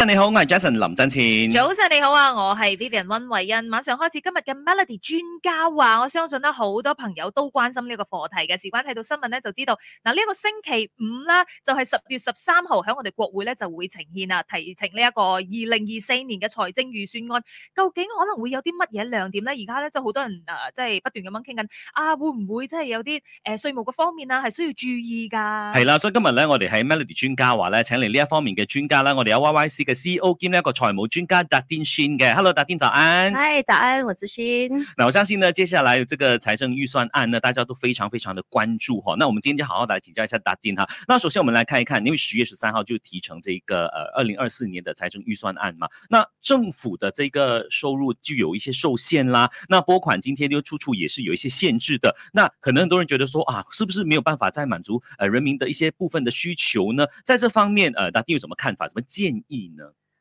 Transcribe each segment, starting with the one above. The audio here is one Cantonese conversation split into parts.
早晨你好，我係 Jason 林振前。早晨你好啊，我係 Vivian 溫慧欣。馬上開始今日嘅 Melody 專家話，我相信咧好多朋友都關心呢個課題嘅。事關睇到新聞咧，就知道嗱呢一個星期五啦，就係十月十三號喺我哋國會咧就會呈現啊，提呈呢一個二零二四年嘅財政預算案。究竟可能會有啲乜嘢亮點咧？而家咧就好多人啊，即係不斷咁樣傾緊啊，會唔會即係有啲誒稅務嘅方面啊係需要注意噶？係啦，所以今日咧我哋喺 Melody 專家話咧，請嚟呢一方面嘅專家啦，我哋有 Y Y 嘅 CEO 兼一個財務專家 Dustin s h 嘅 h e l l o d u 早安。嗨，早安，我是 s 那我相信呢，接下來這個財政預算案呢，大家都非常非常的關注哈、哦。那我們今天就好好地請教一下 d 丁 s 哈。那首先我們來看一看，因為十月十三號就提成這個，呃，二零二四年的財政預算案嘛。那政府的這個收入就有一些受限啦。那撥款今天就處處也是有一些限制的。那可能很多人覺得說啊，是不是沒有辦法再滿足，呃人民的一些部分的需求呢？在這方面，呃 d 丁有什麼看法？什麼建議呢？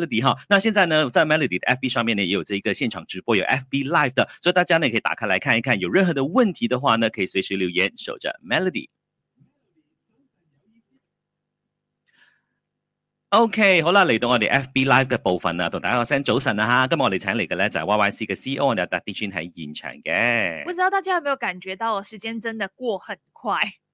m、嗯、e 那現在呢，在 Melody 的 FB 上面呢，也有這一個現場直播，有 FB Live 的，所以大家呢可以打開來看一看，有任何的問題的話呢，可以隨時留言守着 Melody。OK，好啦，嚟到我哋 FB Live 嘅部分啊，同大家講聲早晨啊哈，今日我哋請嚟嘅咧就係 YYC 嘅 CO，我哋 Datin 喺現場嘅。不知道大家有冇感覺到我時間真的過很快？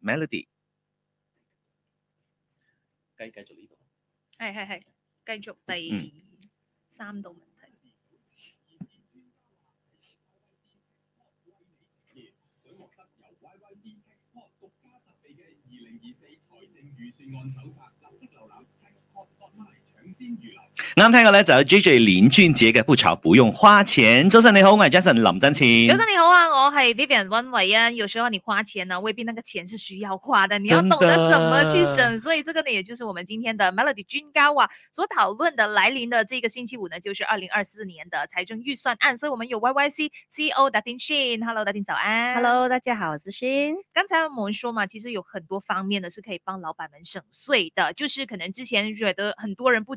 Melody，繼繼續呢度，係係係，繼續第三道問題。啱聽過咧就 J.J. 林俊傑嘅不潮不用花錢。早晨你好，我係 Jason 林振錢。早晨你好啊，我係 Vivian 溫慧欣。有時候你花錢呢、啊，未必那個錢是需要花的，你要懂得怎麼去省。所以這個呢，也就是我們今天的 Melody 君高啊所討論的來臨的這個星期五呢，就是二零二四年的財政預算案。所以，我們有 YYC CEO Datin Shin。Hello，Datin 早安。Hello 大家好，我是 Shin。剛才我們人說嘛，其實有很多方面呢，是可以幫老闆們省稅的，就是可能之前惹得很多人不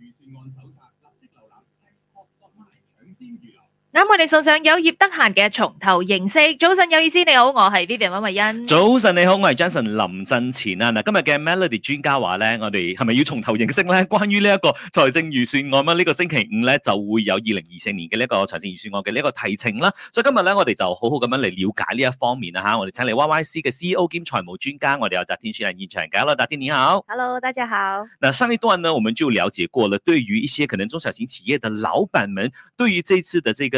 預算案手冊，立即瀏覽，explore my，搶先預留。咁我哋送上有業得閒嘅從頭認識。早晨有意思你好，我係 Vivian 温慧欣。早晨你好，我係 Johnson 林振前啊嗱。今日嘅 Melody 專家話咧，我哋係咪要從頭認識咧？關於呢一個財政預算案啦，呢、這個星期五咧就會有二零二四年嘅呢一個財政預算案嘅呢個提呈啦。所以今日咧，我哋就好好咁樣嚟了解呢一方面啦吓。我哋請嚟 Y Y C 嘅 C E O 兼財務專家，我哋有 Datin Shin 人現場，大家好，Datin 你好。Hello，大家好。那上一段呢，我們就了解過了。對於一些可能中小型企業嘅老闆們，對於這次的這個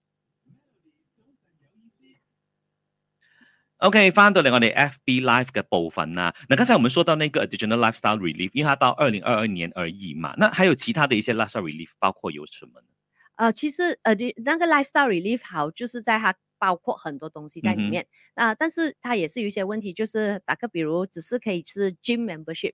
O K，翻到嚟我哋 F B Life 嘅部分啦、啊。那剛才我們說到那個 Additional Lifestyle Relief，因為它到二零二二年而已嘛。那還有其他的一些 Lifestyle Relief，包括有什麼呢？呃、其實那個 Lifestyle Relief 好，就是在它包括很多東西在裏面。啊、嗯呃，但是它也是有一些問題，就是打個比如，只是可以是 Gym Membership。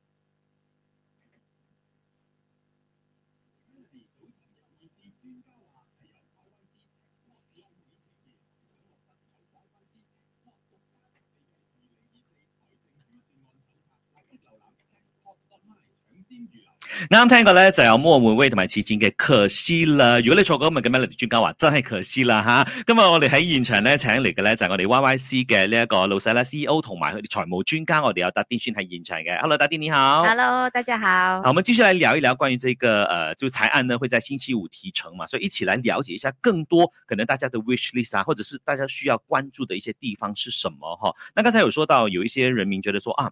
啱聽過咧，就有莫文蔚同埋刺戰嘅，可惜啦！如果你錯過今日嘅 Melody 專家話，真係可惜啦吓。今日我哋喺現場咧，請嚟嘅咧就係我哋 Y Y C 嘅呢一個老細啦，C E O 同埋佢哋財務專家，我哋有 Datin Shin 喺現場嘅。Hello，Datin 你好。Hello，大家好。好，我們繼續嚟聊一聊關於這個誒，就財案呢會在星期五提呈嘛，所以一起來了解一下更多可能大家嘅 wish list 啊，或者是大家需要關注的一些地方是什麼哈。那剛才有說到，有一些人民覺得說啊。